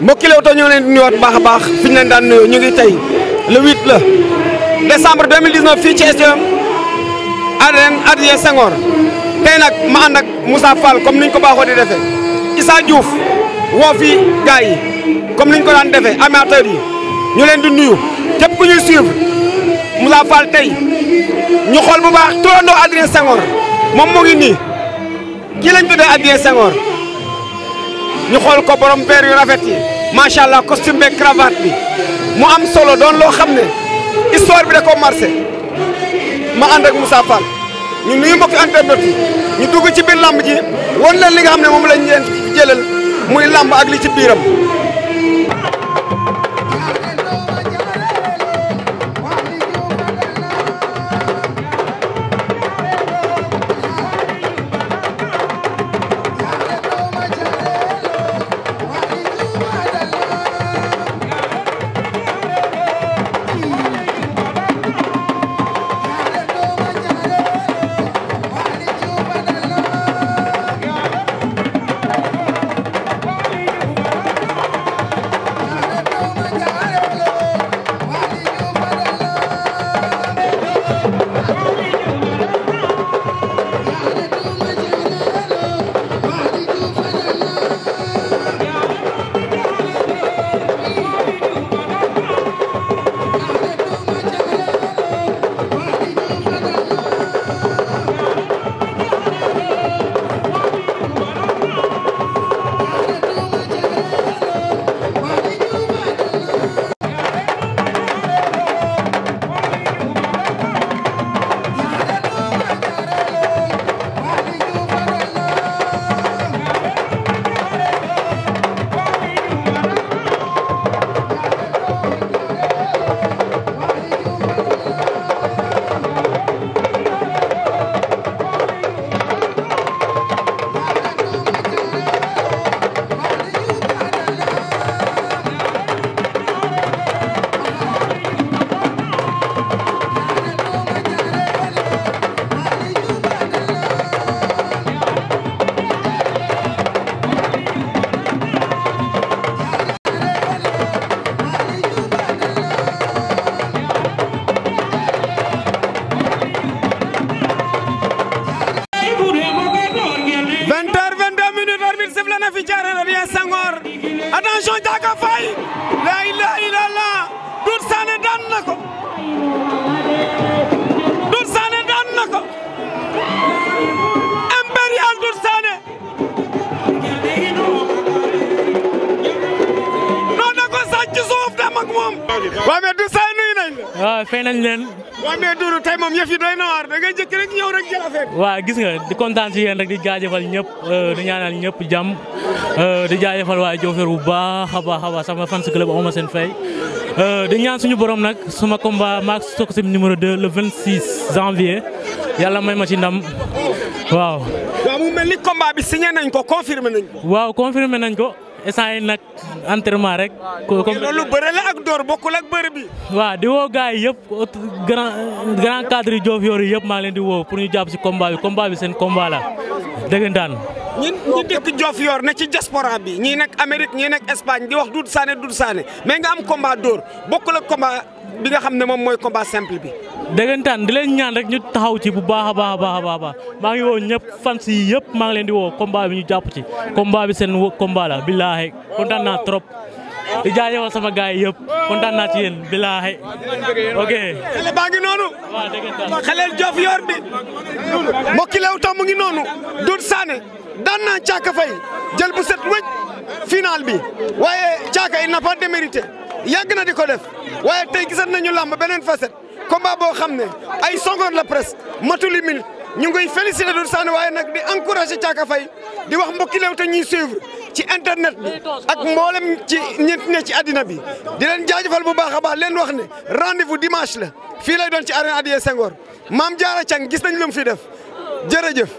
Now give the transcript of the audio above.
mbokki Leewtoo ñoo leen di nuyuwaat baax a baax fi ñu leen daan nuyoo ñu ngi tey le 8 la décembre 2019 fii ci stade Adrien Adrien Senghor tey nag ma ànd ak Moussa Fall comme niñ ko baaxoo di defee Issa Diouf woo fi gars yi comme niñ ko daan defee amateurs yi ñu leen di nuyu képp ku ñuy suivre Moussa Fall tey ñu xool bu baax turandoo Adrien Senghor moom moo ngi nii kii lañ tuddee Adrien ñu xool ko borom verre yu rafet yi macha allah costume beeg bi mu am solo doon loo xam ne histoire bi da ko marqué ma ànd ak Moussa Fall ñu nuyu mbokki internet yi ñu dugg ci biir làmb ji won leen li nga xam ne moom lañ leen jëlal muy làmb ak ci biiram. attention Diaka Faye la ilaha illallah Doudou Sané daan na ko Doudou daan na ko impérial Doudou Sané non da ko sàcc ci waaw fay nañ leen. waaw mais Doudou tey moom yëf doy na waar da ngay jëkk rek ñëw rek jël affaire waaw gis nga di kontaan si yéen rek di jaajëfal ñëpp euh, di ñaanal ñëpp jàmm euh, di jaajëfal waa Diofior bu baax a baax a baax club amuma seen fay. di ñaan suñu borom nag suma combat maak Soksim numéro 2 le 26 janvier yàlla may ma ci ndam waaw. waaw mu mel ni combat bi nañ ko confirmé nañ ko. instant yi nag entraînement rek. loolu bëre la ak door bokkul ak bëre bi. waaw di woo gars yi yëpp grand grand cadre yu Diouf yooyu yëpp maa leen di woo pour ñu jàpp si combat bi seen combat la dégg daan ñun ñu dëkk Diouf yor ne ci diaspora bi ñii nekk Amérique ñii nekk Espagne di wax Doudou Sané Doudou Sané mais nga am combat dóor bokkul ak combat bi nga xam ne moom mooy combat simple bi. dëggantaan di leen ñaan rek ñu taxaw ci bu baax a baax a baax a baax maa ngi woo ñëpp fans yi yëpp maa ngi leen di woo combat bi ñu jàpp ci combat bi seen combat la billaahi kontaan naa trop di jaajëfal sama gaay yëpp kontaan naa ci yéen billaahi ok xale baa ngi noonu xale jof yor bi mbokki Leewtoo mu ngi noonu Doudou Sané daan naa Caaka Faye jël bu set wécc final bi waaye Caaka il n'a pas démérité yàgg na di ko def waaye tey gisat nañu làmb beneen facette combat boo xam ne ay songoon la presse matul i minute ñu ngi koy félicité Doudou Sané waaye nag di encouragé Thiaka Faye di wax mbokki ta ñuy suivre ci internet bi ak mboolem ci ñit ne ci addina bi di leen jaajëfal bu baax a baax leen wax ne rendez-vous dimanche la fii lay doon ci arène Adrien Senghor maam Diarra Thiam gis nañ lu mu fi def jërëjëf